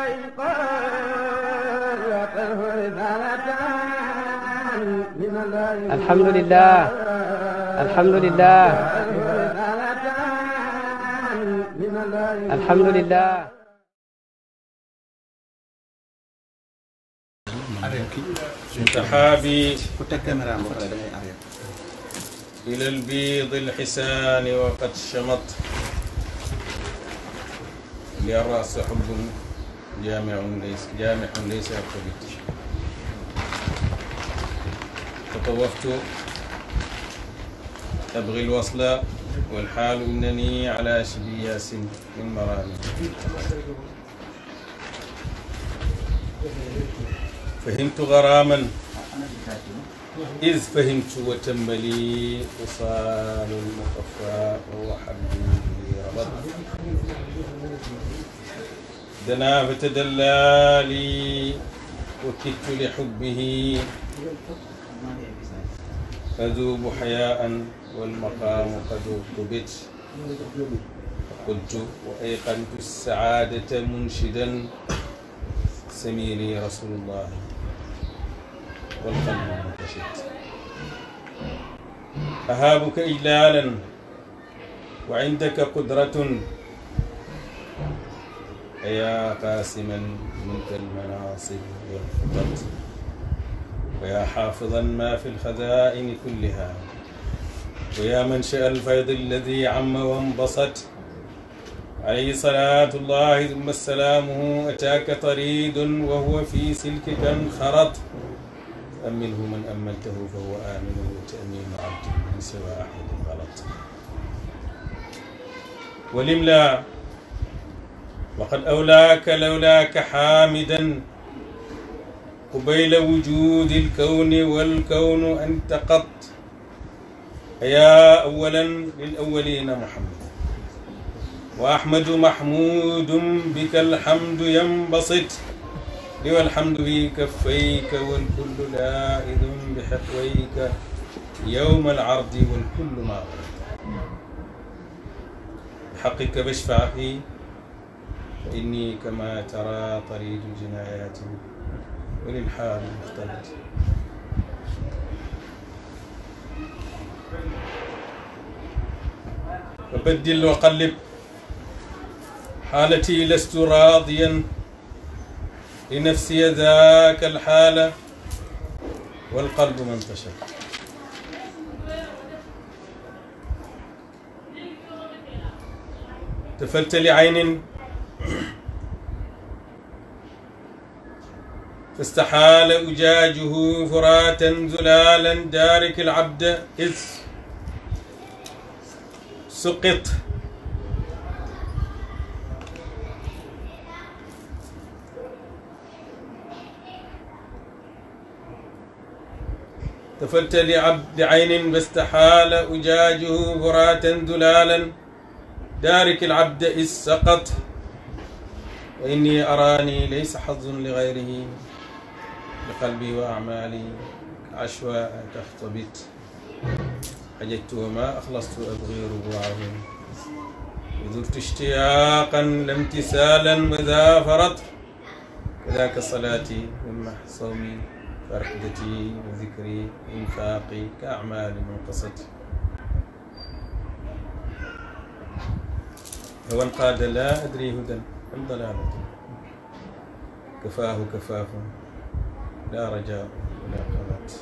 alhamdulilah alhamdulilah alhamdulilah. سحابي إلى البيض الحسان وقد شمط للرأس حب jaamiun lays jaamiun laysa ak tobit tatawaftu abri lwasla walxaalu innani ala shibi yaasin min maraami fahimtu garaaman إذ فهمت وتملي وصال المخفى وهو حبيبي ربط دنا فتدلى لي وكدت لحبه أذوب حياء والمقام قد ارتبت قلت وأيقنت السعادة منشدا سميني رسول الله والقلب منتشد أهابك إجلالا وعندك قدرة ويا قاسما منت المناصب والخطط ويا حافظا ما في الخزائن كلها ويا منشأ الفيض الذي عم وانبسط عليه صلاة الله ثم سلامه أتاك طريد وهو في سلكك انخرط أمله من أملته فهو آمن وتأمين عبد من سوى أحد غلط والإملاء waqad awlaaka lawlaaka xaamidan قبيل وجود الكون والكون أنت قط يا أولا للأولين محمد وأحمد محمود بك الحمد ينبسط لي والحمد بكفيك والكل لائذ بحقويك يوم العرض والكل ما بحقك بشفع فيه إني كما ترى طريد الجنايات وللحال مختلط وبدل وقلب حالتي لست راضيا لنفسي ذاك الحال والقلب منتشر تفلت لعين استحال أجاجه فراتا زلالا دارك العبد إذ سقط تفلت لعبد عين فاستحال أجاجه فراتا ذلالا دارك العبد إذ سقط وإني أراني ليس حظ لغيره بقلبي وأعمالي عشواء تحت بيت حججت وما أخلصت أبغي ربوعهم وذرت اشتياقا لامتثالا وذا فرط كذاك صلاتي مما صومي فرحدتي وذكري إنفاقي كأعمال منقصتي هو انقاد لا أدري هدى أم ضلالة كفاه كفاف لا رجاء ولا قوات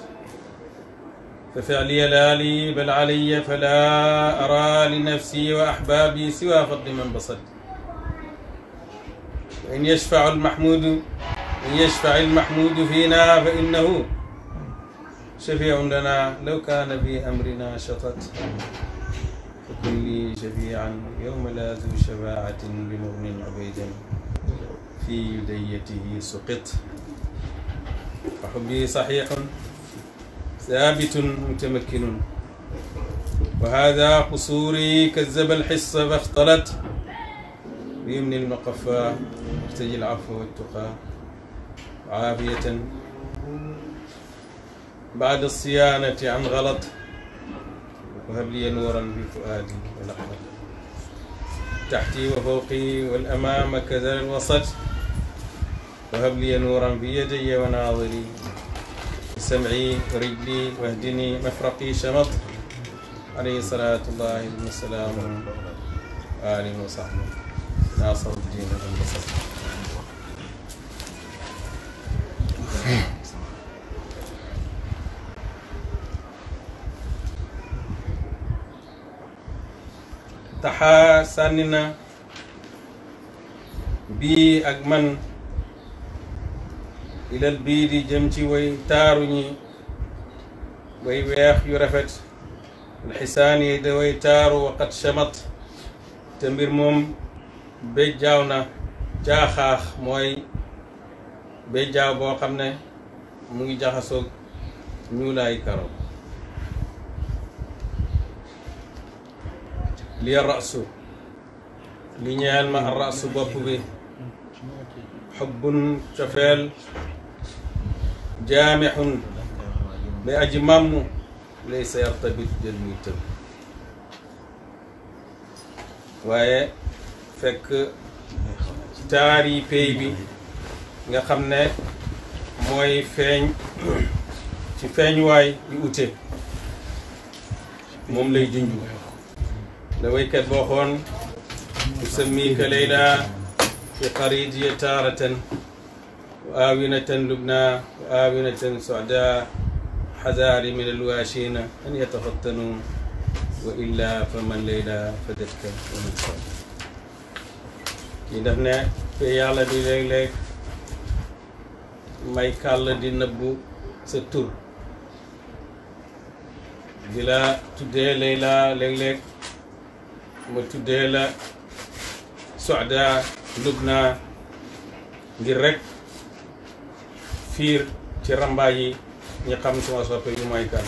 ففعلي لا لي بل علي فلا أرى لنفسي وأحبابي سوى فضل من بصري وإن يشفع المحمود إن يشفع المحمود فينا فإنه شفيع لنا لو كان في أمرنا شطط فكن لي شفيعا يوم لا ذو شفاعة بمؤمن عبيدا في يديته سقط وحبه صحيح ثابت متمكن وهذا قصوري كذب الحس فاختلت بيمن المقفى ارتجي العفو والتقى عافية بعد الصيانة عن غلط وهب لي نورا بفؤادي ولحظة تحتي وفوقي والأمام كذا الوسط وهب لي نورا بيدي وناظري سمعي ورجلي واهدني مفرقي شمط عليه صلاة الله والسلام آله وصحبه ناصر الدين البصر taxaa sànni na bii ak man ilal bii di jëm ci way taaru ñi way weex yu rafet alxisaan yi da way taaru waqat shamat te mbir moom béj jaaw na jaaxaax mooy béj jaaw boo xam ne mu ngi jaxasoog ñuulaay karo li rasu li ñeel ma rasu bopp bi xubbun cofeel jaamixun day aji màmm laysa yartabit jël muy waaye fekk taar yi pay bi nga xam ne mooy feeñ ci feeñuwaay yu ute moom lay junj la waykat boo xoon usamika fi xarit ya taaratan وآونة لبنى وآونة سعداء حذار من الواشين أن يتفطنوا وإلا فمن ليلى فدتك ومن صاد kii daf ne fi yàlla di léeg-léeg may kàll di nëbbu sa tur di la tuddee Layla léeg-léeg ma tuddee la Soxda Lubna ngir rek fiir ci rambaaj yi ñi xam suma soppe yu mooy kan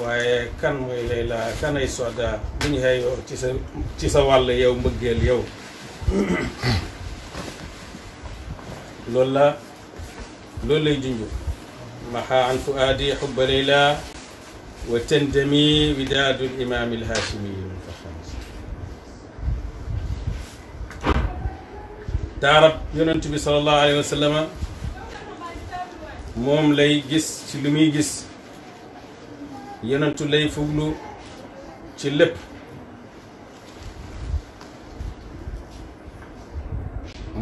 waaye kan mooy Layla kanay Sooda bu ñu xeeyoo ci sa ci sa wàll yow mbëggeel yow loolu la loolu lay junj maxaa an fuaadi xubba Layla wa tendami widaadul imaamil haashimiyin taarab yonent bi sallallahu alayhi wa sallama moom lay gis ci li muy gis yenentu lay fuglu ci lépp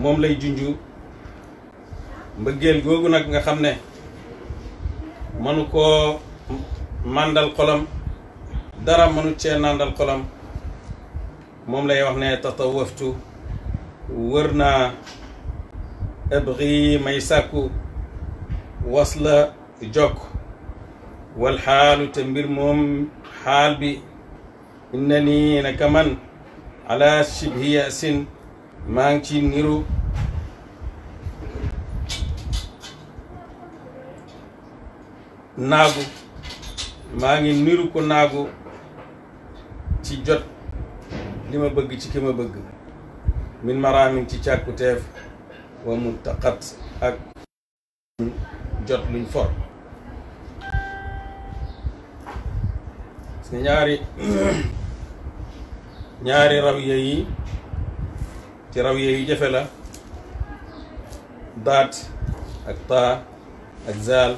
moom lay junju mbëggeel googu nag nga xam ne mënu koo màndal xolam dara mënu cee nàndal xolam moom lay wax ne tatawaftu wër naa abri may sàkku wasla jokk wal xaalu te mbir moom xaal bi inna nii naka man ala shibhi yasin maa ngi ci niru naagu maa ngi niru ko naagu ci jot li ma bëgg ci ki ma bëgg min maraamin ci càkkuteef wa muntaqat ak jot luñ for parce ñaari ñaari yi ci rawiya yu jafe la daat ak ak zaal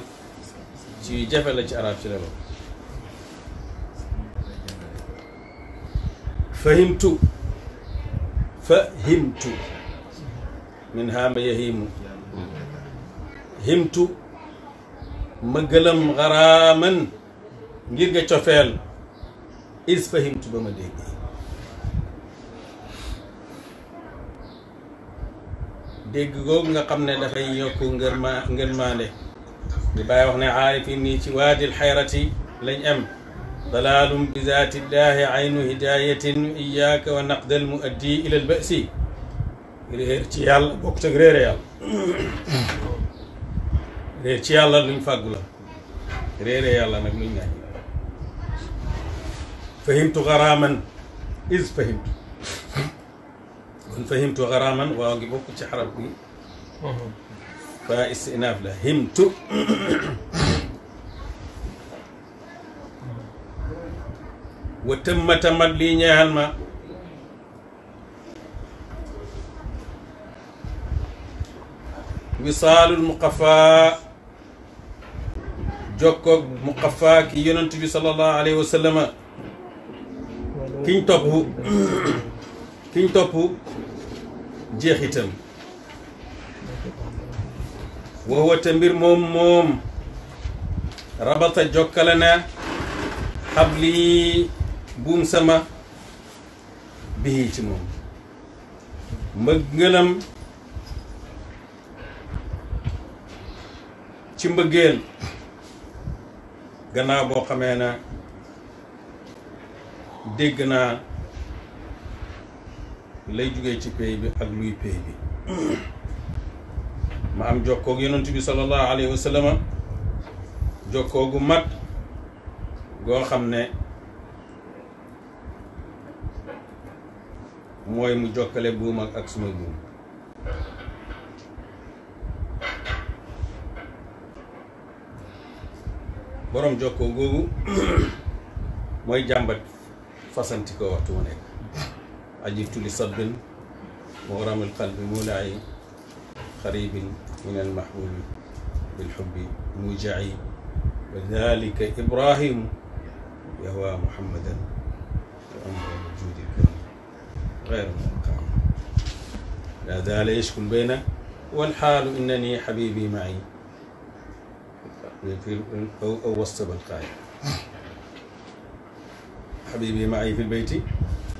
ci yu jafe la ci arab ci la ba fahimtu min haama yahimu himtu mbëggalam xaraaman ngir nga cofeel is fahimtu ba ma dégg dégg googu nga xam ne dafay yokk ngër ma maande li bàyyi wax ne aarifin nii ci waadil xayrati lañ am dalaalum bi zaati llaahi aynu hidayatin iyaaka wa naqdal mu addi ilal ci yàlla bokk tëg réere yàlla réer eh, ci yàlla luñ fàggu la réere yàlla nag luñ gaañ fahimtu xaraaman is fahimtu kon fahimtu xaraaman waaw gi bokk ci xarab bi fa istinaaf la himtu wa tëmma tamat lii ñeexal ma wisaalul muqafaa jokkoog mu xafaa ki yonent bi sallallahu alayhi wa sallama kiñ topp kiñ topp jeexitam waxwa te mbir moom moom rabata jokkale na xabli buum sama bii ci moom mbëggalam ci mbëggeel gannaaw boo xamee na dégg naa lay jugee ci pay bi ak luy pay bi ma am jokkoog yonent bi sallallahu alayhi wa sallam jokkoogu mat goo xam ne mooy mu jokkale buum ak ak suma buum borom jokkoo googu mooy jàmbat fasanti ko waxtu wu nekk ajibtu li sabbin mughramil qalbi mulaayi xaribin min al mahbubi bil hubbi mujaayi wa dalika ibrahimu yahwa muhammadan wa amru wujudi غير مقام لا زال يشكو البين والحال إنني حبيبي معي في أو وسط بلقاي حبيبي معي في البيت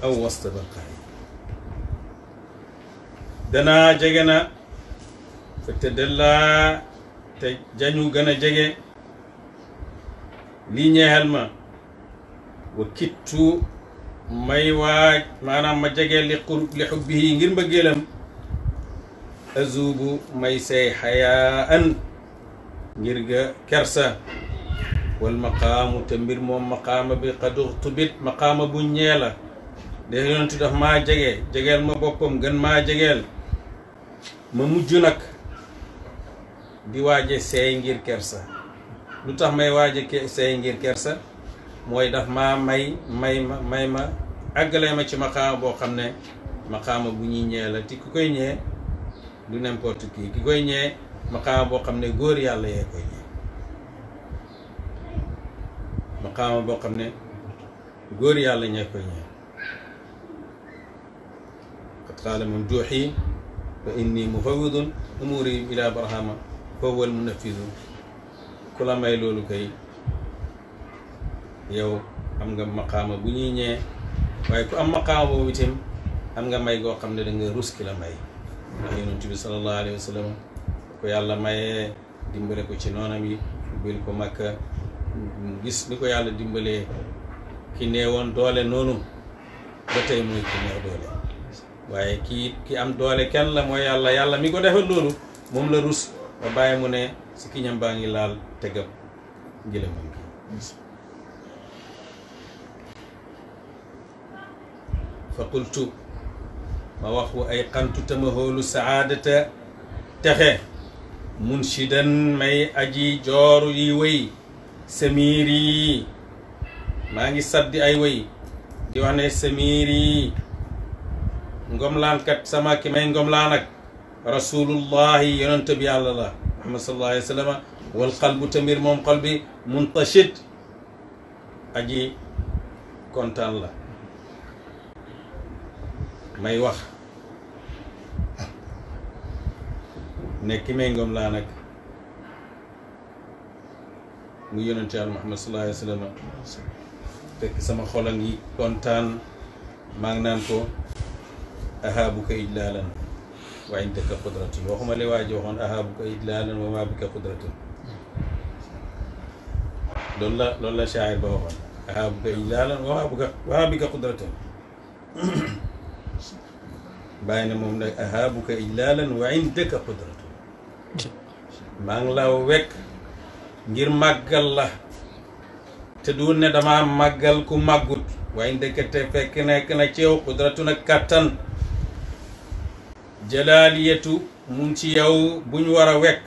أو وسط بلقاي danaa jege na fa tëddallaa te jañu gën a jege lii ñeexal ma wa kittu may waaj maanaam ma jege li xur li xubbi ngir mbëggeelam azubu may say xayaa an ngir ga kersa wal maqaamu te mbir moom maqaama bi xadux tubit maqaama bu ñee la de yonentu daf maa jege jegeel ma boppam gën maa jegeel ma mujj nag di waaje seey ngir kersa lu tax may waaje seey ngir kersa mooy daf maa may may ma may ma àggale ma ci maqaama boo xam ne maqaama bu ñuy ñee la te ki koy ñee du n'importe qui ki koy ñee maqaama boo xam ne góor yàlla yee koy ji maqaama boo xam ne góor yàlla ñee koy ñee qad qaala man fa inni mufawidun umuuri barahama fa huwa ku la may loolu kay yow am nga maqaama bu ñuy ñee waaye ku am maqaama boobu itam am nga may goo xam ne da nga rus ki la may ndax yonent bi sallallahu alayhi wa ko yàlla mayee dimbale ko ci noonam yi ubbil ko makka gis ni ko yàlla dimbalee ki neewoon doole noonu ba tey mooy ki neew doole waaye kii ki am doole kenn la moo yàlla yàlla mi ko defal loolu moom la rus ba bàyyi mu ne si kiñam baa ngi laal tegam gëlëmam gi fa qultu ma wax ay xantu tama xoolu saadata texe munshidan may aji joor yi wéy samiir yi maa ngi saddi ay wéy di wax ne samiir yi ngomlaankat sama ki may ngomlaan ak rasulullahi yonent bi yàlla la muhammad sallallahu alayhi wa sallam wal qalbu tamir moom xol bi muntashid aji kontaan la may wax ne ki may ngoom laa nag mu yonente yàlla Muhammad sallallahu alayhi wa sama xol a kontaan maa ngi naan ko ahaabuka ijlaalan wa indaka qudratun waxuma li waa ji waxoon ahaabuka ijlaalan wa maa bika qudratun loolu la loolu la shaayir ba waxoon ahaabuka ijlaalan wa maa bika wa maa bika qudratun na moom nag ahaabuka ijlaalan wa indaka qudratun maa la wekk ngir màggal la te du ne dama màggal ku màggut waaye ndekete fekk nekk na ci yow xudratu na kàttan jalaaliyatu mu ngi ci yow buñ war a wekk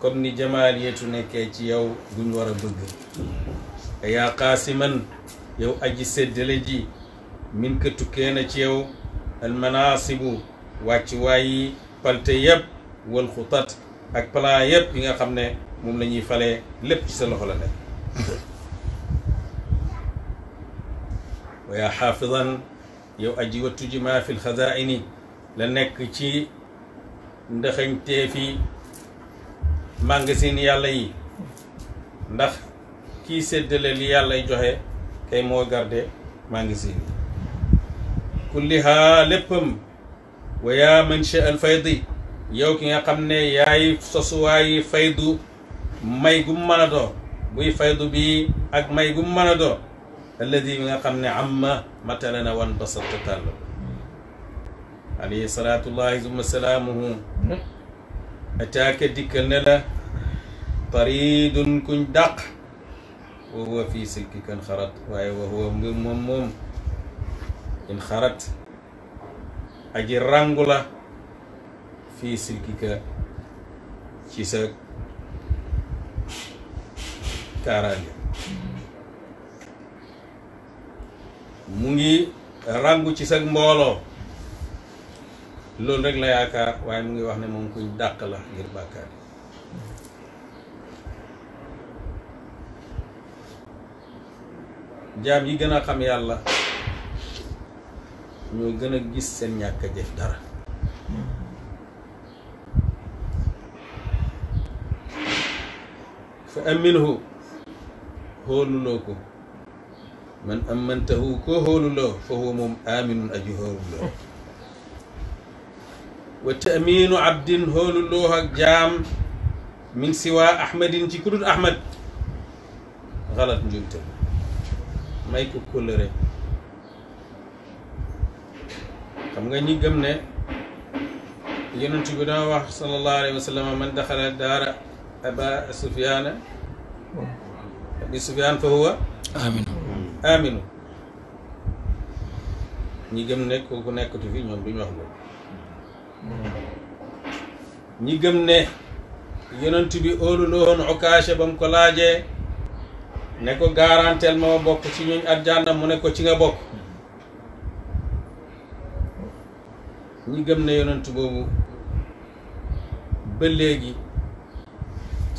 kom ni jamaaliyatu nekkee ci yow buñ war a bëgg yaa qaasiman yow aji séddale ji min ka tukkee na ci yow almanaasibu wàcc waayi palte yépp wal xutat ak plan yëpp yi nga xam ne moom la ñuy falee lépp ci sa loxo la nekk wa yaa xaafidan yow aji wattu ji maa fi la nekk ci ndaxañteefi magasin yàlla yi ndax kii séddale li yàllay joxe kay moo garde magasin yi kulliha léppam wa yaa man al faydi yow ki nga xam ne yaay sosuwaay faydu may gu mu mën a faydu bi ak may gu mu mën a doo alladi bi nga xam ne amma matalana wan basata tàll alayhi salaatullahi summa salaamuhu ataaka dikkal ne la taridun kuñ dàq wa huwa fii silki kan xarat waaye wa huwa mbir moom in xarat aji rangu la fii silkika ci sa kaaraange mu ngi ràngu ci sa mbooloo loolu rek la yaakaar waaye mu ngi wax ne moom kuñ dàq la ngir bàkkaar jaam yi gën a xam yàlla ñoo gën a gis seen ñàkk jëf dara fa amminhu hóoluloo ko man ammantahu koo hóoluloo fa huwa moom aminun aji hóoluloo wa taaminu abdin hóoluloo ak jaam min siwa ahmadin ci kudut ahmad xalat njumte may ko kóllëre xam nga ñi gëm ne yonent bi daa wax sallallahu alayhi wa sallam man daxala daara أبا سفيان أبي سفيان فهو آمن آمن ñi gëm ne kooku nekkatu fi ñoom duñu wax loolu hmm. ñi gëm ne yonent bi óolu loon Ukaasha ba mu ko laajee ne ko garanteel ma bokk ci ñuñ àjjana mu ne ko ci nga bokk ñi gëm ne yonent boobu ba léegi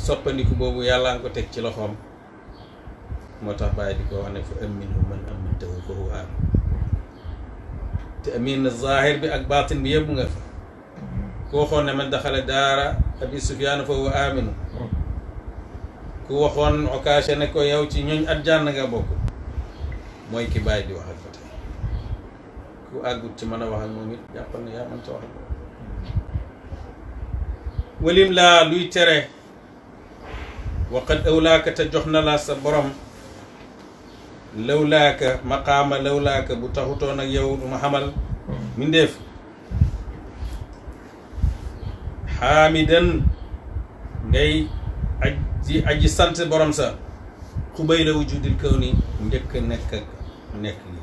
soppandiku boobu yàllaa nga ko teg ci loxoom moo tax bàyyi di ko wax ne fa amminhu man ammantahu fa huwa aamin te amin zaahir bi ak baatin bi yëpp nga fa ku waxoon ne man daxale daara abi sufyaan fa huwa aaminu ku waxoon okaase ne ko yow ci ñooñ at jànn nga bokk mooy ki bàyyi di wax ak fa tey ku àggut ci mën a wax ak moom it jàppal ne yaa mënta wax ak moom laa luy tere waqad awlaaka te jox na la sa borom lawlaaka maqaama lawlaaka bu taxutoon ak yow duma xamal mindeef xaamidan ngay aj ci aji sant borom sa xubay la wujudil kaw ni njëkk nekk ak nekk gi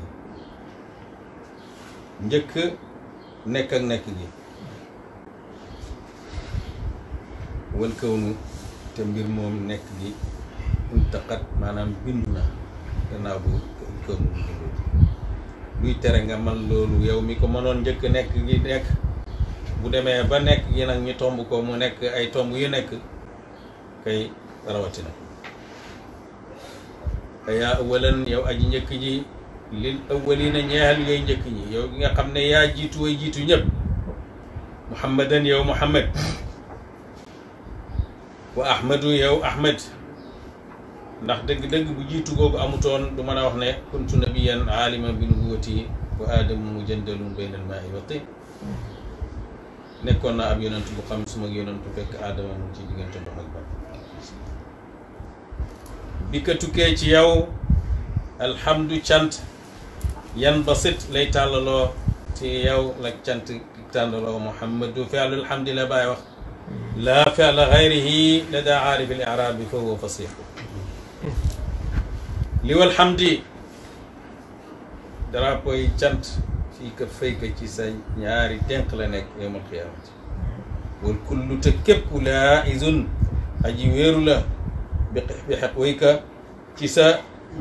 njëkk nekk ak nekk gi wal kaw nu te mbir moom nekk di untaqat maanaam bind na gannaaw bu kër luy tere nga man loolu yow mi ko mënoon njëkk nekk ni nekk bu demee ba nekk gi nag ñu tomb ko mu nekk ay tomb yu nekk kay rawatina yaa awalan yow aji njëkk ji lil awalina ñeexal ngay njëkk ñi yow nga xam ne yaa jiitu way jiitu ñëpp muhammadan yow muhammad wa ahmadu yow ahmad ndax dëgg-dëgg bu jiitu googu amutoon du mën a wax ne kuntu nabiyan aaliman bi nubuwati wa aadamu mujandalun bayna al maa'i wa tin nekkoon naa ab yonent bu xam suma yonentu fekk aadama mu ci diggante ndox ak bi ka tukkee ci yow alhamdu cant yan basit lay tàllaloo ci yow la cant tàllaloo muhammadu fi alhamdulilah baay wax laa fi'la gayrihi ladaa aarifi l-i'raabi fa huwa fasiih li wal hamdi drapeau cant fii ka fay ka ci sa ñaari dénk la nekk yawmal qiyaamati wal kullu te képp laa'izun aji wéeru la bi bi xaq way ci sa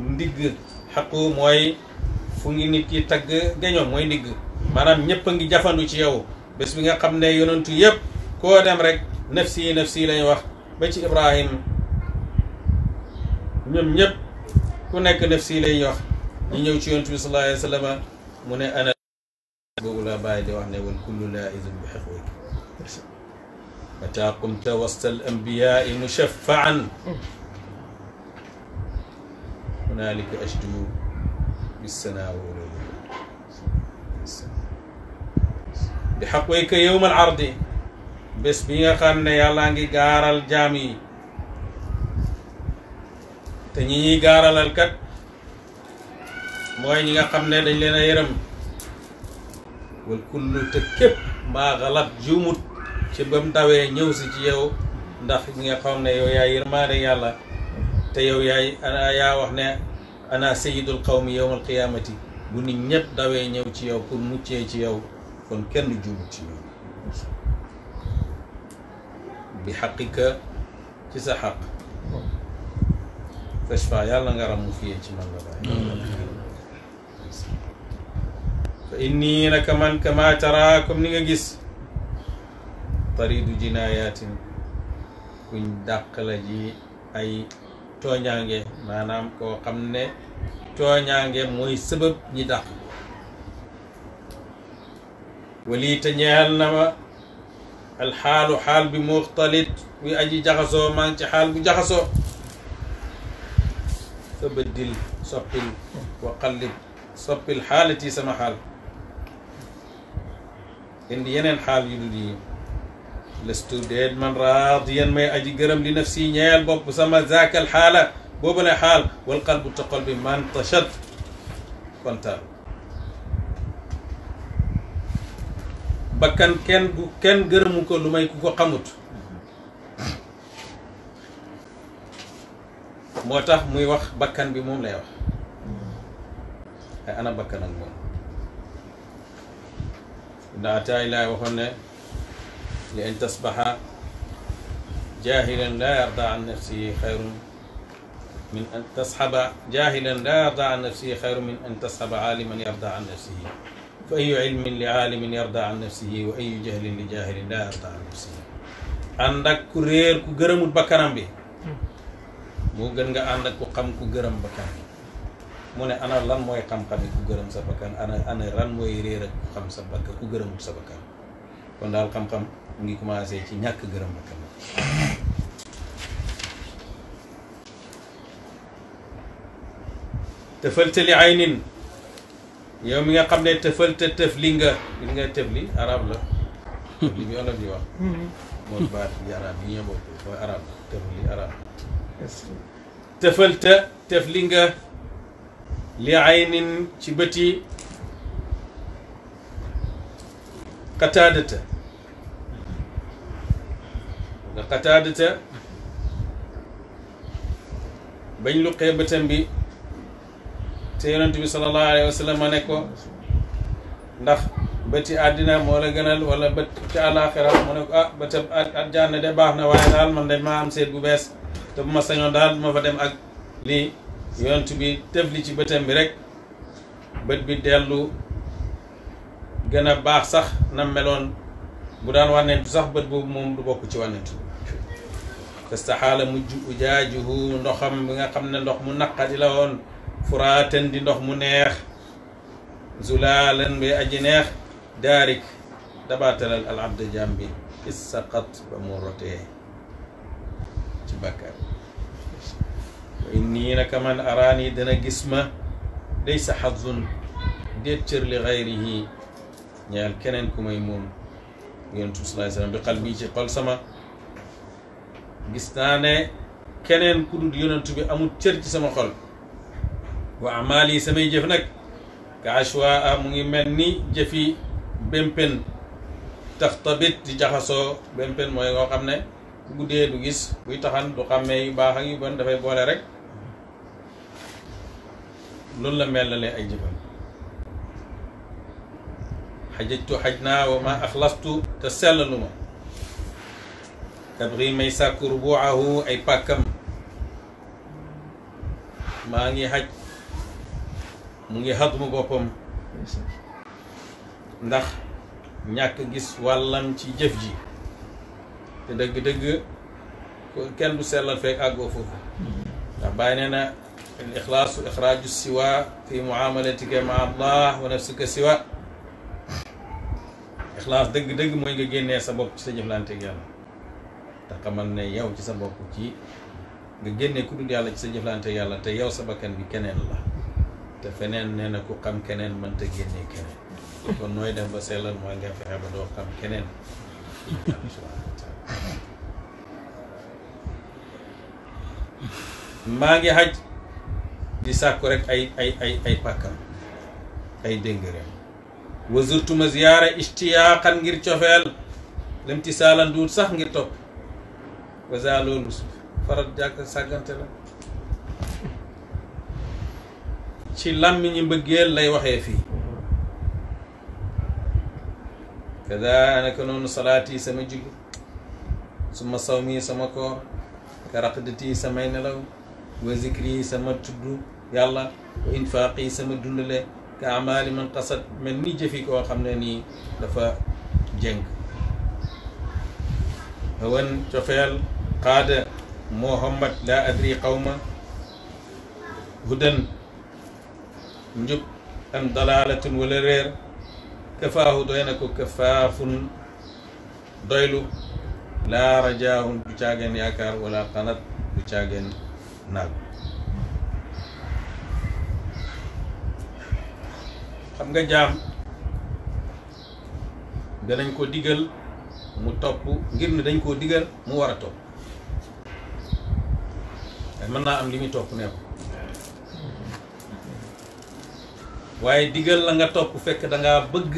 ndigg xaqu mooy fu ngi nit yi tagg gañoon mooy ndigg maanaam ñëpp a ngi jafandu ci yow bés bi nga xam ne yonentu yëpp koo dem rek nafsi nafsi lañu wax ba ci Ibrahim ñoom ñëpp ku nekk nafsi lañu wax ñu ñëw ci yontu bi sallallahu alayhi wa sallam mu ne ana boobu la bàyyi di wax ne wal kullu laa'izun bi haqqi mata qumta wasta al anbiyaai mushaffaan hunaalika ashdu bisanaawoolo bi xaqwayka yowma al ardi bés bi nga xam ne yàllaa ngi gaaral jaam yi te ñi ñuy gaaralal kat mooy ñi nga xam ne dañ leen a yërëm wal kullu te képp mbaa xalaat juumut ci ba mu dawee ñëw si ci yow ndax ñi nga xam ne yow yaay yërmaane yàlla te yow yaay yaa wax ne ana sayyidul qawmi yawmal qiyaamati bu nit ñëpp dawee ñëw ci yow pour muccee ci yow kon kenn juumut ci ñoom bi xaqika ci sa xaq fashfa yàlla nga ramu fiyee ci man la bàyyi fa inni naka man kama tara ni nga gis taridu jinaayatin kuñ dàq la ji ay tooñaange maanaam koo xam ne tooñaange mooy sabab ñi dàq wali te na ma alxaalu xaal bi muxtalit bi aji jaxasoo maa ngi ci xaal bu jaxasoo fa bëddil soppil wa qallib soppil xaalati sama xaal indi yeneen xaal yu dul yi lestu deet man raadiyan may aji gërëm li naf si ñeel bopp sama zaakal xaala boobale xaal wal qalbu toqol bi man tachat kontaan bakkan kenn gu kenn gërëmu ko lu may ku ko xamut moo tax muy wax bakkan bi moom lay wax ay ana bakkan ak moom ndaataay laay waxoon ne li an tasbaxa jaahilan laa yarda an nafsihi xayrun min an tasxaba jaahilan laa yarda an nafsihi xayrun min an tasxaba aaliman yarda an nafsihi fa ayu ilmin li aalimin yarda an nafsihi wa ayu jahlin li jahilin la yarda an nafsihi ànd ak ku réer ku gërëmut bakkanam bi moo gën nga ànd ak ku xam ku gërëm bakkan bi mu ne ana lan mooy xam-xami ku gërëm sa bakkan ana ana lan mooy réer ak ku xam sa bakkan ku gërëmut sa bakkan kon daal xam-xam mu ngi commencé ci ñàkk gërëm bakkan tafaltali aynin yow mi nga xam ne tëfal te tëf li nga gis nga tëf li arab la li bi di wax mm-hmm. moom baat bi arab yi ñoo bokk mooy arab tëf li arab tëfal li nga li ci bëti qataadata nga bañ luqee bëtam bi te yonent bi sallallahu alayhi wa sallam ne ko ndax bëti àddina moo la gënal wala bët ci àllaaxira mu ne ko ah bëtëb àjjana de baax na waaye daal man de maa am seet bu bees te bu ma sañoon daal ma fa dem ak lii yonent bi tëf li ci bëtam bi rek bët bi dellu gën a baax sax na meloon bu daan wànnentu sax bët boobu moom du bokk ci wànnentu fastaxaala mujj ujaajuhu ndoxam bi nga xam ne ndox mu naqadi la woon furaatan di ndox mu neex zulaalan bay aji neex daarik dabaatalal al abda jaam bi issaqat ba mu rotee ci bàkkaar way nii naka man araani dana gis ma day sa xazun déet li xayrihi ñaal keneen ku may moom yonent bi sallallahu ci xol sama gis naa ne keneen ku dul yonent bi amul cër ci sama xol wa amaal yi samay jëf nag ka ashwaa mu ngi mel ni jëfi bémpen tax tabit di jaxasoo bémpen mooy ngoo xam ne bu guddee du gis buy taxan du xàmmee yu baax ak yu bon dafay boole rek loolu la mel la ay jëfam xajajtu xaj naa wa ma axlastu te sellalu ma tabri may sàkku rubuahu ay pàkkam maa ngi xaj mu ngi xatmu boppam ndax ñàkk gis wàllam ci jëf ji te dëgg-dëgg kenn du sellal fekk àggoo foofu ndax bàyyi nee na al siwa fi muamalatika ma allah wa nafsika siwa ixlaas dëgg-dëgg mooy nga génnee sa bopp ci sa jëflante yàlla te xamal na yow ci sa bopp ci nga génnee ku dul yàlla ci sa jëflante yàlla te yow sa bakkan bi keneen la te feneen nee na ku xam keneen mënta génne keneen kon nooy dem ba sellal mooy nga fexe ba doo xam keneen maa ngi xaj di sàkku rek ay ay ay ay pàkkam ay déngëreem ziyaara ishtiyaaqan ngir cofeel lim ti saalan duut sax ngir topp waza loolu farat jàkk sàggante la ci làmmiñi mbëggeel lay waxee fii kadaanaka noonu salaat sama julli suma saw mii sama koor ka raqdat yi samay nelaw wa zikri sama tudd yàlla wa infaaq sama dundale ka amaali man mel ni jëfi koo xam ne nii dafa jëng hawan cofeel qaada moo hommat laa adri qawma hudan njub am dalaalatin wala réer kafaahu doy na ko kafaafun doylu laa rajaahun du caageen yaakaar wala xanat du caageen naag xam nga jaam danañ ko digal mu topp ngir ne dañ koo digal mu war a topp mën naa am li muy topp nee waaye digal la nga topp fekk da ngaa bëgg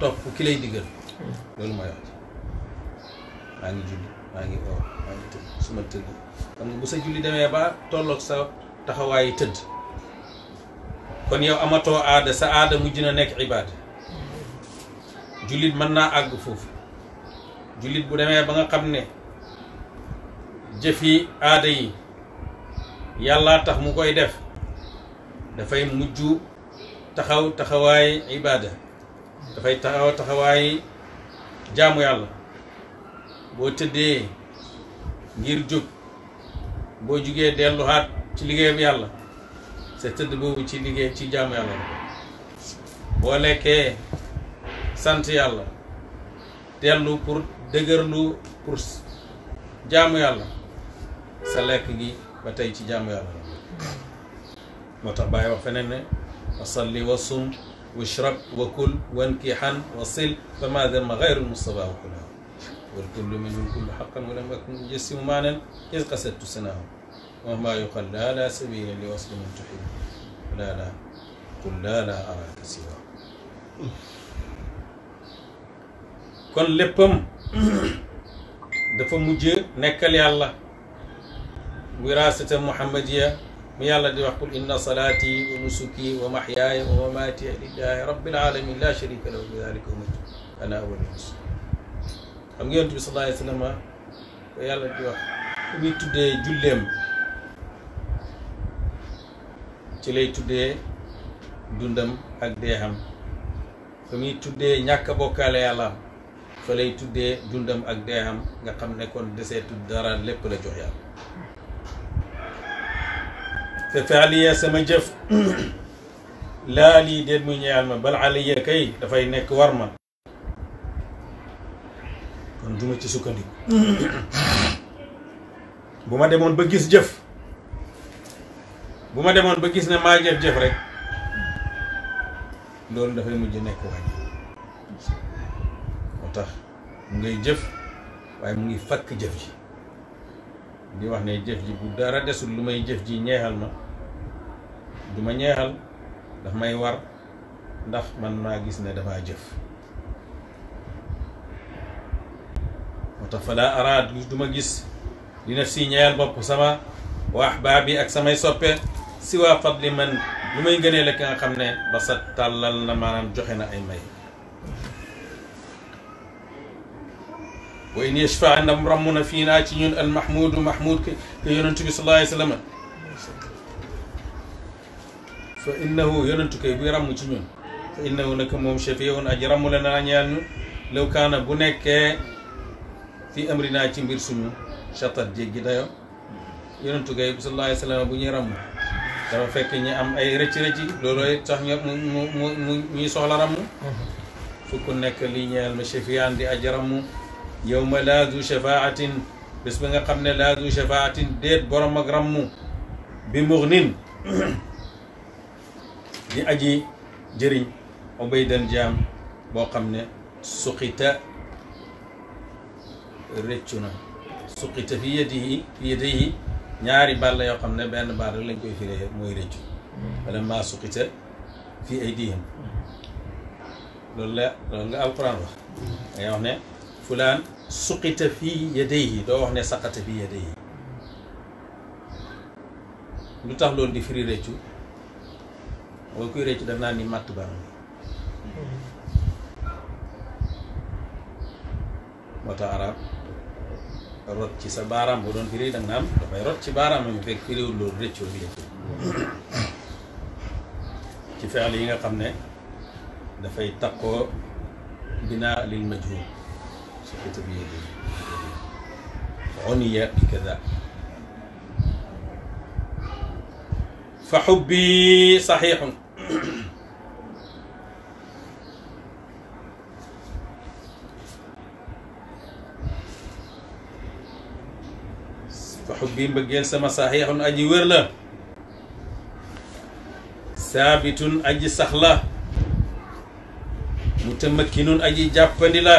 topp ki lay digal loolu mooy wax maa ngi julli maa ngi oo maa ngi tëdd su tëdd bu sa julli demee ba tolloog sa taxawaayu tëdd kon yow amatoo aada sa aada mujj na nekk ibaada jullit mën naa àgg foofu jullit bu demee ba nga xam ne jëfi aada yi yàllaa tax mu koy def dafay mujj taxaw taxawaay ibaada dafay taxaw taxawaay jaamu yàlla boo tëddee ngir jóg boo jugee delluwaat ci liggéeyam yàlla sa tëdd boobu ci liggéey ci jaamu yàlla boo lekkee sant yàlla dellu pour dëgërlu pour jaamu yàlla sa lekk gi ba tey ci jaamu yàlla moo tax bàyyi wax feneen ne wa salli wa sum washrab wa kul wankixan wa sil fa ma dama gayru lmustafa wa kula walkullu minhum kullu xaqan wa lam akun ujasimu maanan id qasadtu sanahu وما يقال لا لا سبيل لوصل من تحب لا لا قل لا لا أراك سواه kon léppam dafa mujj nekkal yàlla wiraasata muhammadiya mu yàlla di wax qul inna salaati wa nusuki wa mahyaaya wa mamaati lillahi rabbil alamin la sharika lahu bi dalika umirtu ana awwalu wa sallam yàlla di wax ku muy tuddee julleem ci lay tuddee dundam ak deexam fa muy tuddee ñàkk bokkaale yàlla fa lay tuddee dundam ak deexam nga xam ne kon desee dara lépp la jox te faaliya sama jëf laa lii déet muy ñeyal ma bal alayya kay dafay nekk war ma kon duma ci sukkandiku bu ma demoon ba gis jëf bu ma demoon ba gis ne maa jëf rek loolu dafay mujj nekk wàññi moo tax mu ngay jëf waaye mu ngi fakk jëf yi di wax ne jëf ji bu dara desul lu may jëf ji ñeexal ma du ma ñeexal daf may war ndax man maa gis ne dafa jëf moo tax fa laa araad du gis li naf si ñeexal bopp sama baa bi ak samay soppe si waa li man lu may gënee la ki nga xam ne ba sa tàllal na maanaam joxe na ay may wa in yashfa ndam na fii naa ci ñun al mahmudu mahmud ke yonentu bi sallallahu alayhi wa sallam fa innahu yonentu koy ci ñun fa innahu naka moom shafiun aji ramm la naa ñeel ñu law kaana bu nekkee fi amri naa ci mbir suñu chatat jéggi dayo yonentu koy sallallahu alayhi wa bu ñuy ramm dafa fekk ñi am ay rëcc-rëcc loolooy tax ñu mu mu mu ñuy soxla ramm mm-hmm. fukk nekk ma chefiyaan di aji ramm yawma laa zu shafaatin bés ba nga xam ne laa zu shafaatin déet borom ak rammu bi muxnin di aji jëriñ obaydan jaam boo xam ne suqita rëccu na suqita fi yadihi fi yadihi ñaari baal la yoo xam ne benn baal rek lañ koy firee mooy rëccu wala maa suqita fi aydihim mm. loolu la loolu nga alquran wax dangay wax ne fulaan suqita fii yadayhi doo wax ne saqata fii yadayhi lu tax loolu di firi rëccu mooy kuy rëccu daf naa ni màtt baram moo tax arab rot ci sa baaraam bu doon firi danga naan dafay rot ci baaraam mu fekk firiwul loolu rëccu bi ci fexle yi nga xam ne dafay takkoo binaa lil majhul بتبييض عني بكذا فحبي صحيح فحبي mbëggeel sama saxiixun aji wér la saabitun aji sax la mutamakkinun aji jàppandi la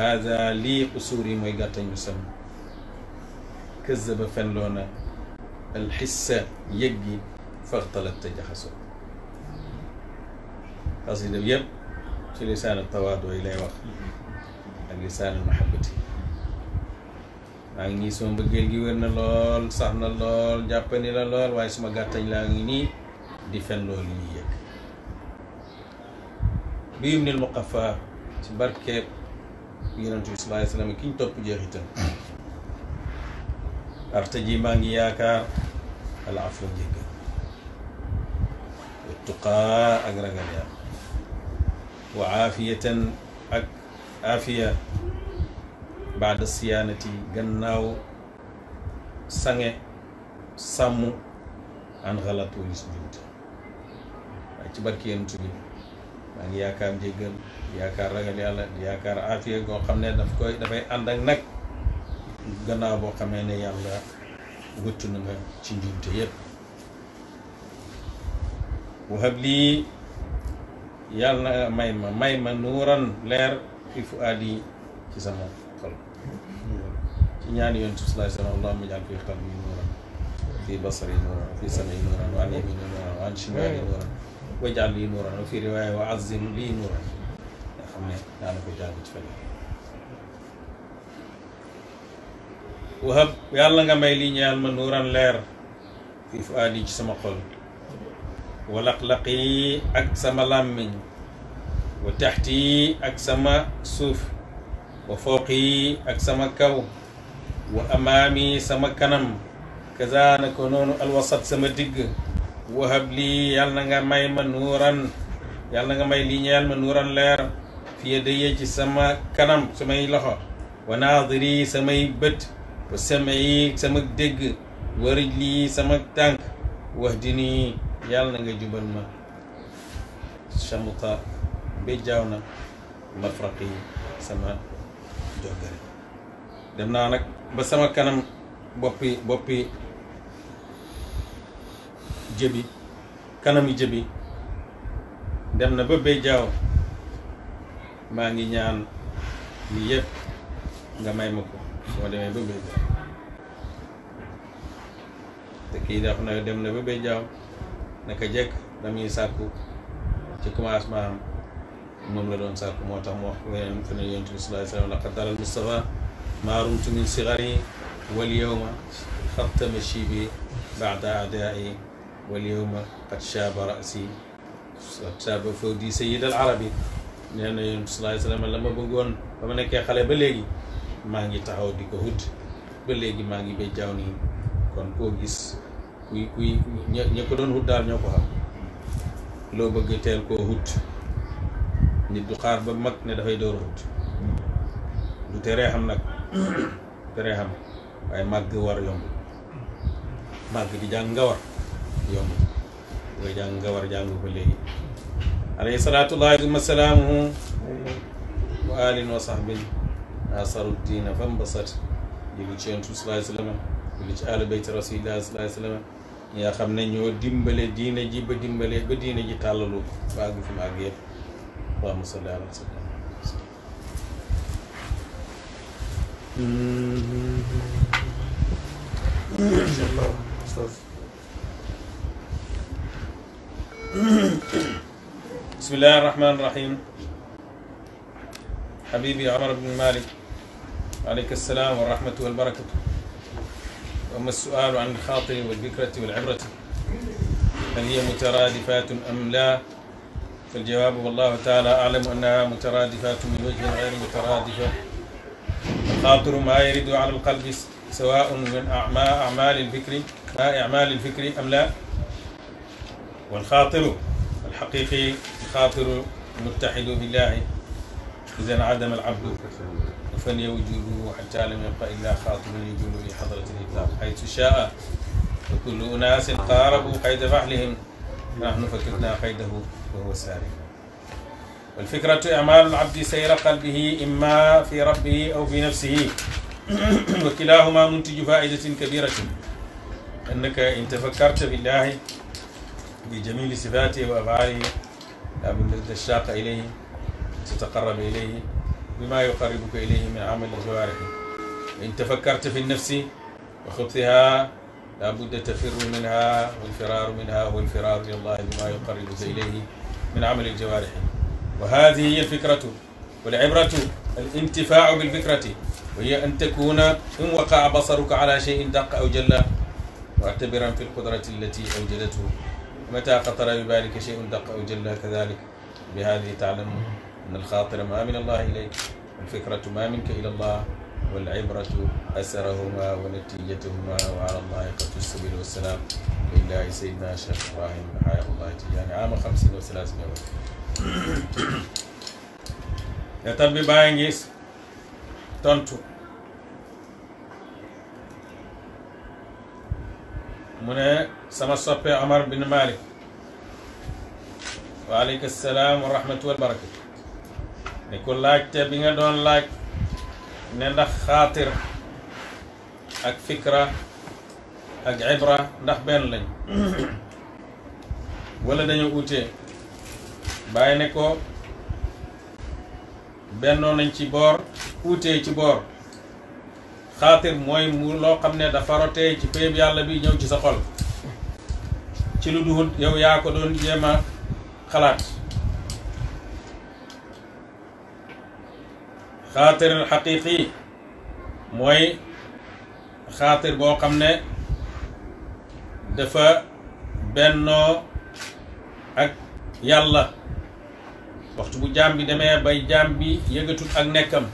hada lii qusuur yi mooy gàttañu sam këzaba fenloona alxissa gi faxtalat te ci lisaanal tawaadoo yi lay wax ak lisaanal mahabati maa ngi nii sama mbëggeel gi wér na lool sax na lool jàppani la lool waaye suma gàttañ laa ngi nii di fen lool yi ñuy yëg bi yum nil muqafa ci barkeeb yonent bi sallallahu alayhi wa sallam ki topp jeexitam arte ji yaakaar al afwa njëggal wa tuqaa ak ragal yàlla wa aafiyatan ak aafiya baada siyaanati gannaaw sange sàmm an xalaat walis juuta maa ngi yaakaar njëggal yaakaar ragal yàlla yaakaar aafiya goo xam ne daf koy dafay ànd ak nag gannaaw boo xamee ne yàlla wëttu na nga ci njuumte yépp wahab lii yàlla may ma may ma nuuran leer fi fu aad yi ci sama xol ci ñaan yoon tu sallallahu alayhi wa sallam allahumma jal fi qalbi nuuran fi basari nuuran fi sam'i nuuran wa an yamini nuuran wa an shimali nuuran wajal lii nuuran wa fi riwaaya wa azim lii nuuran nga xam ne daana ko jàng ci feneen wahab yàlla nga may lii ñeel ma nuuran leer fi fuaadi ci sama xol wa laq-laq yi ak sama làmmiñ wa taxt yi ak sama suuf wa fooq yi ak sama kaw wa amaami sama kanam kazaana ko noonu alwasat sama digg wahab lii yàlla na nga may ma nuuran yàlla na nga may lii ñeel ma nuuran leer fii dayee ci sama kanam samay loxo wa naadiri samay bët wa samay sama dégg warij lii sama tànk wax di nii yàlla na nga jubal ma chamuta ba jaaw na mafraqi sama joggare dem naa nag ba sama kanam boppi boppi jëbi kanami jëbi dem na ba bay jaaw maa ngi ñaan yi yëpp nga may ma ko soo demee ba bay jaaw kii daf na dem na ba bay jaaw naka jekk damuy sàkku ci commencement am la doon sàkku moo tax mu wax leneen fa ne yonent bi sallallahu alayhi wa sallam Mustafa maa rumtu min sigari wal yawma xattama shibi baada adaa'i wal yowma qad shaaba rasi qad shaaba fawdi sayid al arabi nee na yonent salaay salaam la ma bëggoon ba ma nekkee xale ba léegi maa ngi taxaw di ko hut ba léegi maa ngi béy jaaw nii kon koo gis kuy kuy ña ko doon hut daal ñoo ko xam loo bëgg teel koo hut nit du xaar ba mag ne dafay door hut du teree xam nag teree xam waaye màgg war yomb màgg di jàng nga war yomb nga jàng nga war a jàng ko léegi alayhi salaatullahi wa salaamuhu wa alin wa sahbin asaru diina fam basat julli ci yontu salaai sallama julli ci ahlu bayt rasulillah salaai sallama ñi nga xam ne ñoo dimbale diina ji ba dimbale ba diina ji tàllalu ba àgg mu àgg yëpp allahumma salli بسم الله الرحمن الرحيم حبيبي عمر بن مالك عليك السلام والرحمة والبركة وما السؤال عن الخاطر والبكرة والعبرة هل هي مترادفات أم لا فالجواب والله تعالى أعلم أنها مترادفات من وجه غير مترادفة الخاطر ما يرد على القلب سواء من أعمال الفكر ما أعمال الفكر أم لا والخاطر الحقيقي alxaatiru muttaxidu billahi idan adama al abdu fan yawjuduhu xata lam yabqa illa xaatirun yujudu li xadrati litlaq xaytu shaa wa kullu unaasin qaarabu qayda faxlihim nahnu fakirna qaydahu wa huwa saari والفكرة إعمال العبد سير قلبه إما في ربه أو في نفسه وكلاهما منتج فائدة كبيرة أنك إن تفكرت بالله بجميل صفاته وأفعاله من تشتاق إليه تتقرب إليه بما يقربك إليه من عمل الجوارح إن تفكرت في النفس وخبثها لا بد تفر منها والفرار منها هو الفرار لله بما يقربك إليه من عمل الجوارح وهذه هي الفكرة والعبرة الانتفاع بالفكرة وهي أن تكون إن وقع بصرك على شيء دق أو جل معتبرا في القدرة التي أوجدته متى قطر ببالك شيء دق أو جل كذلك بهذه تعلم أن الخاطر ما من الله إليك الفكرة ما منك إلى الله والعبرة أثرهما ونتيجتهما وعلى الله قد السبيل والسلام لله سيدنا شيخ إبراهيم حياه الله تجاني عام 50 و 300 يا تبي باينيس تونتو mu ne sama soppe Omar bin Malik waaleykum salaam wa rahmatu wa barakatu ni ku laajte bi nga doon laaj ne ndax xaatir ak fikra ak ibra ndax benn lañ wala dañoo utee bàyyi ne ko bennoo nañ ci boor utee ci boor xaatir mooy mu loo xam ne dafa rotee ci péeb yàlla bi ñëw ci sa xol ci lu duhut yow yaa ko doon jéem xalaat xaatir xaqiqi mooy xaatir boo xam ne dafa bennoo ak yàlla waxtu bu jaam bi demee bay jaam bi yëgatul ak nekkam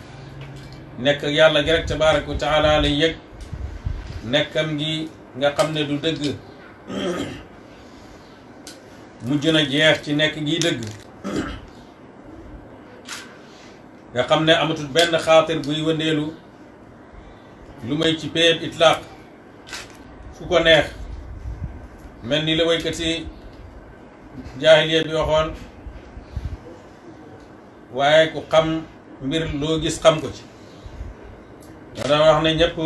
nekk yàlla gi rek tabaraka wa taala lay yëg nekkam gi nga xam ne du dëgg mujj na jeex ci nekk gi dëgg nga xam ne amatul benn xaatir buy wëndeelu lu may ci péeb itlaaq fu ko neex mel ni la waykat yi bi waxoon waaye ku xam mbir loo gis xam ko ci dana wax nañ ñëpp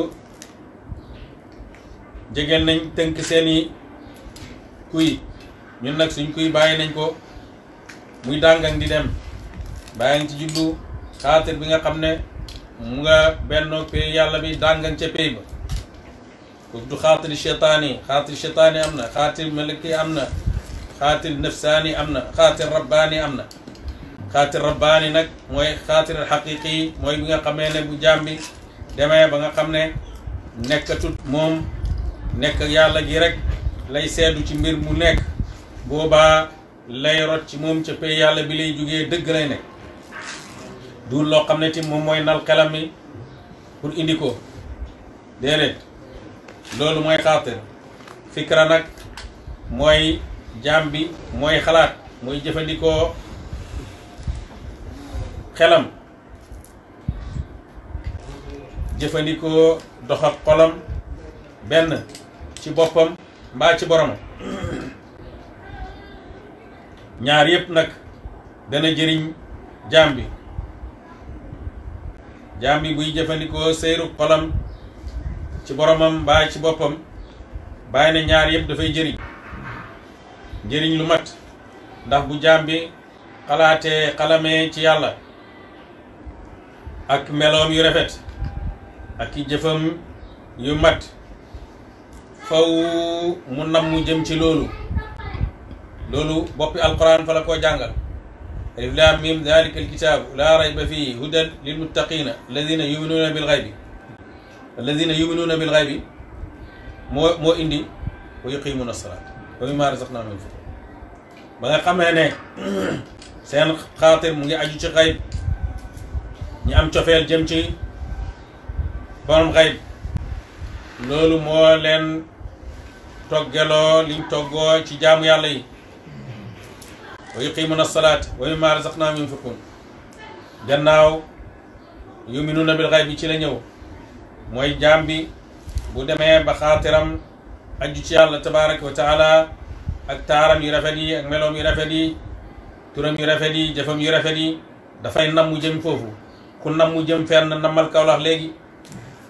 jege nañ tënk seeni kuy ñun nag suñ kuy bàyyi nañ ko muy dàngang di dem bàyyi ci jublu xaatir bi nga xam ne mu nga benn pay yàlla bi dàngang ca pay ba kooku du xaatir cheytaan xaatir cheytaan am na xaatir maliki am na xaatir nafsaani am na xaatir rabbaani am na xaatir rabbaani nag mooy xaatir xaqiqi mooy bi nga xamee ne bu jaam demee ba nga xam ne nekkatut moom nekk yàlla gi rek lay seedu ci mbir mu nekk boobaa lay rot ci moom ca pay yàlla bi lay jógee dëgg lay nekk duul loo xam ne tim moom mooy nal xelam mi pour indi ko déedéet loolu mooy xaatir fikra nag mooy jaam bi mooy xalaat mooy jëfandikoo xelam jëfandikoo doxa ak xolam benn ci boppam mbaa ci boromam ñaar yépp nag dana jëriñ jaam bi jaam bi buy jëfandikoo seeru xolam ci boromam mbaa ci boppam bàyyi na ñaar yépp dafay jëriñ jëriñ lu mat ndax bu jaam bi xalaatee xalamee ci yàlla ak meloom yu rafet aki i jëfam yu mat faw mu nam mu jëm ci loolu loolu boppi alquran fa la ko jàngal alif laam miim dalika alkitaabu laa rayba fiihi hudan lilmuttaqiina alladina yuminuuna bilxaybi alladina yuminuuna bilxaybi moo moo indi wa yuqimuuna salaat wa mimmaa razaqnaahum yunfiquun ba nga xamee ne seen xaatir mu ngi aju ci xayb ñi am cofeel jëm ci borom xayb loolu moo leen toggeloo liñ toggoo ci jaamu yàlla yi wa yuqimuuna salaat wa mimma razaqnaahum yunfiquun gannaaw yuminuuna bil xayb bi ci la ñëw mooy jaam bu demee ba xaatiram aju ci yàlla tabaraka wa taala ak taaram yu rafet yi ak meloom yu rafet yi turam yu rafet yi jëfam yu rafet yi dafay nam mu jëm foofu ku nam mu jëm na namal kaw lax léegi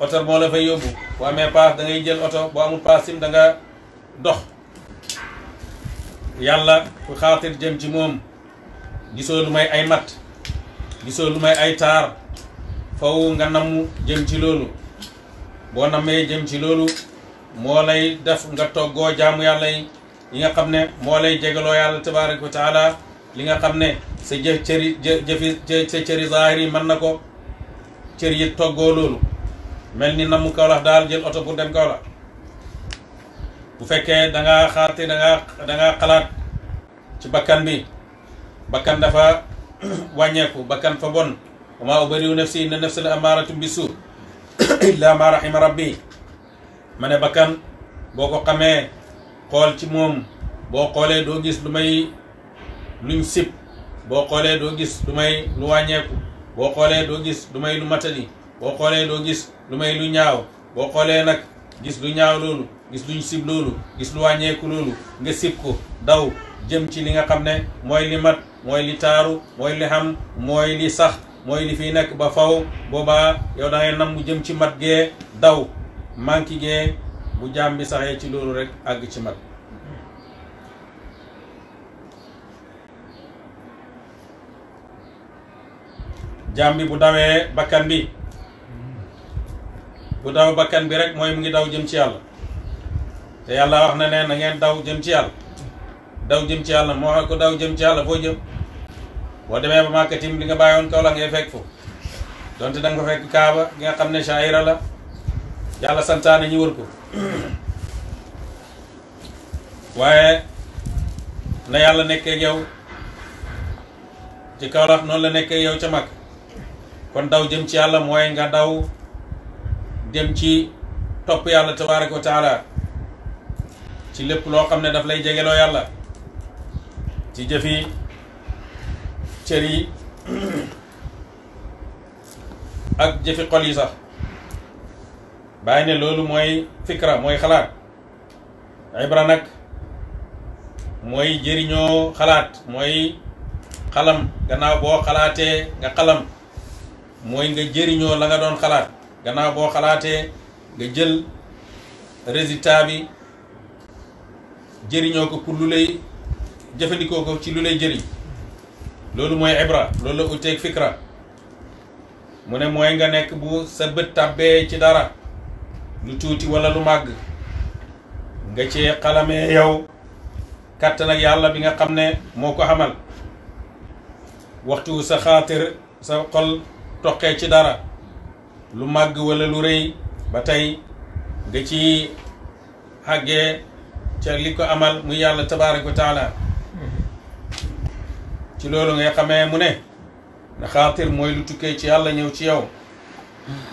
oto moo la fay yóbbu boo amee paas da ngay jël oto boo amul paas sim da nga dox yàlla ku xaatir jëm ci moom gisoo lu may ay mat gisoo lu may ay taar faw nga namm jëm ci loolu boo namee jëm ci loolu moo lay def nga toggoo jaamu yàlla yi nga xam ne moo lay jegaloo yàlla tabaraka wa taala li nga xam ne sa jëf cëri jëfi sa cëri zahir yi mën na ko cër yi toggoo loolu mel ni namu Kaolack daal jël oto pour dem Kaolack bu fekkee da ngaa xaate da xalaat ci bakkan bi bakkan dafa wàññeeku bakkan fa bon wa maa ubari'u nafsi inna nafsa la ammaaratum bisu illa ma rahima rabbi ma ne bakkan boo ko xamee xool ci moom boo xoolee doo gis lu may luñ sib boo xoolee doo gis lu may lu wàññeeku boo xoolee doo gis lu may lu matali boo xoolee loo gis lu may lu ñaaw boo xoolee nag gis lu ñaaw loolu gis luñ sib loolu gis lu wàññeeku loolu nga sib ko daw jëm ci li nga xam ne mooy li mat mooy li taaru mooy li xam mooy li sax mooy li fiy nekk ba faw boobaa yow da ngay nam mu jëm ci mat gee daw manki gee bu jàmbi bi saxee ci loolu rek àgg ci mat jaam bu dawee bakkan bi bu daw bakkan bi rek mooy mu ngi daw jëm ci yàlla te yàlla wax na ne na ngeen daw jëm ci yàlla daw jëm ci yàlla moo xam ko daw jëm ci yàlla foo jëm boo demee ba Màkka tim li nga bàyyi woon kaw la ngay fekk donte da nga fa fekk nga xam ne shaayira la yàlla santaane ñu wër ko na yàlla nekkee yow ci kaw noonu la nekkee yow ca mag kon daw jëm ci yàlla mooy nga daw dem ci topp yàlla tabaraka wa taala ci lépp loo xam ne daf lay jegeloo yàlla ci jëfi cër yi ak jëfi xol yi sax bàyyi ne loolu mooy fikra mooy xalaat ibra nag mooy jëriñoo xalaat mooy xalam gannaaw boo xalaatee nga xalam mooy nga jëriñoo la nga doon xalaat gannaaw boo xalaatee nga jël résultat bi jëriñoo ko pour lu lay jëfandikoo ko ci lu lay jëriñ loolu mooy ibra loolu la uteeg fikra mu ne mooy nga nekk bu sa bët tàbbee ci dara lu tuuti wala lu màgg nga cee xalamee yow kàttan yàlla bi nga xam ne moo ko xamal waxtu sa xaatir sa xol toqee ci dara lu màgg wala lu rëy ba tey nga ci àggee ca li ko amal muy yàlla tabaaraka wa taala ci loolu ngay xamee mu ne na xaatir mooy lu tukkee ci yàlla ñëw ci yow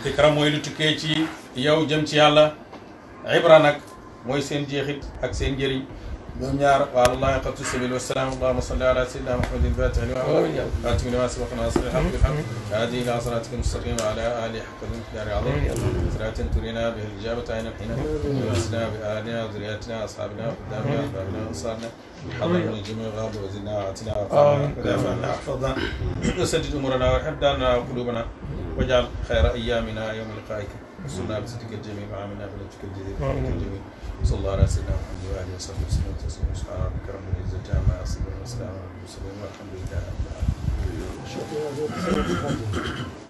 ikram mooy lu tukkee ci yow jëm ci yàlla ibra nag mooy seen jeexit ak seen njëriñ ñoom ñaar wa alallahi xatu sabil wasalaam allahuma salli ala sayyidina muhammadin fatih lima xatim lima sabaqa nasri xaq bilxaq hadi ila siratika almustaqim wa ala alihi xaqa lmiqdaari azim siratan turina bihi alijabata ayna alhina wasna bi ahlina zuriyatina ashabina qudamina ahbabina ansarna حضر من الجميع غاب وزدنا واتنا وقنا واحفظنا وسدد امورنا وحب دارنا وقلوبنا واجعل خير ايامنا يوم لقائك وصلنا بصدق الجميع وعاملنا بلطفك الجزيل الجميل sallallahu ala sayyidina Muhammad wa alihi wa sahbihi wa sallam taslima subhana rabbika rabbil izzati amma yasifun wa salamun ala al mursalin walhamdulillahi rabbil alamin